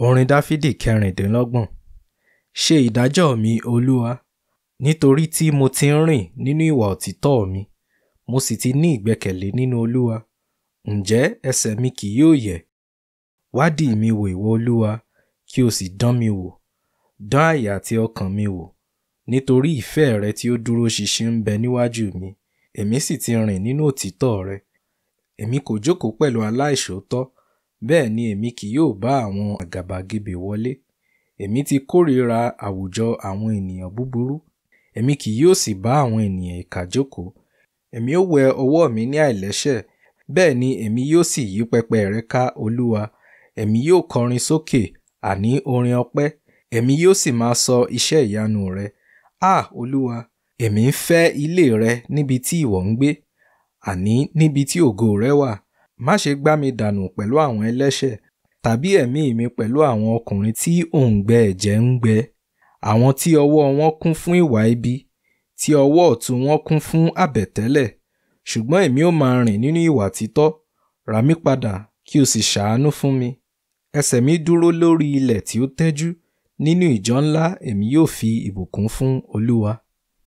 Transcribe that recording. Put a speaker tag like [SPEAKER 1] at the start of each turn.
[SPEAKER 1] orin dáfídì kẹrìndínlọ́gbọ̀n ṣe ìdájọ́ mi olúwa nítorí tí mo ti ń rìn nínú ìwà òtítọ́ mi mo sì ti ní ìgbẹ́kẹ̀lé nínú olúwa ǹjẹ́ ẹsẹ̀ mi kì yóò yẹ̀ wádìí mi wò ìwọ olúwa kí o sì dán mi wò dán àyà àti ọkàn mi wò nítorí ìfẹ́ rẹ tí ó dúró ṣinṣin ń bẹ níwájú mi èmi sì ti rìn nínú òtítọ́ rẹ èmi kò jókòó pẹ̀lú aláìṣòótọ́ Bẹ́ẹ̀ ni èmi kì yóò bá àwọn àgàbàgebè wọlé. Èmi ti kórìíra àwùjọ àwọn ènìyàn búburú. Èmi kì yóò sì bá àwọn ènìyàn ìkà jókòó. Èmi ó wẹ ọwọ́ mi ní àìlẹ́ṣẹ̀. Bẹ́ẹ̀ ni èmi yóò sì yí pẹpẹ rẹ ká Olúwa. Èmi yóò kọrin sókè, àní orin ọpẹ́. Èmi yóò sì máa sọ iṣẹ́ ìyanu rẹ. Á ah, Olúwa, èmi ń fẹ́ ilé rẹ níbi tí ìwọ ń gbé, àní níbi tí ògo rẹ wà má ṣe gbá mi dànù pẹ̀lú àwọn ẹlẹ́ṣẹ̀ tàbí ẹ̀mí mi pẹ̀lú àwọn ọkùnrin tí òǹgbẹ ẹ̀jẹ̀ ń gbẹ àwọn tí ọwọ́ wọn kún fún ìwà ibi tí ọwọ́ ọ̀tún wọn kún fún àbẹ̀tẹ́lẹ̀ ṣùgbọ́n èmi ò máa rìn nínú ìwà títọ́ rà mí padà kí o sì ṣàánú fún mi ẹsẹ̀ mi dúró lórí ilẹ̀ tí ó tẹ́jú nínú ìjọ ńlá èmi yóò fi ìbùkún fún olúwa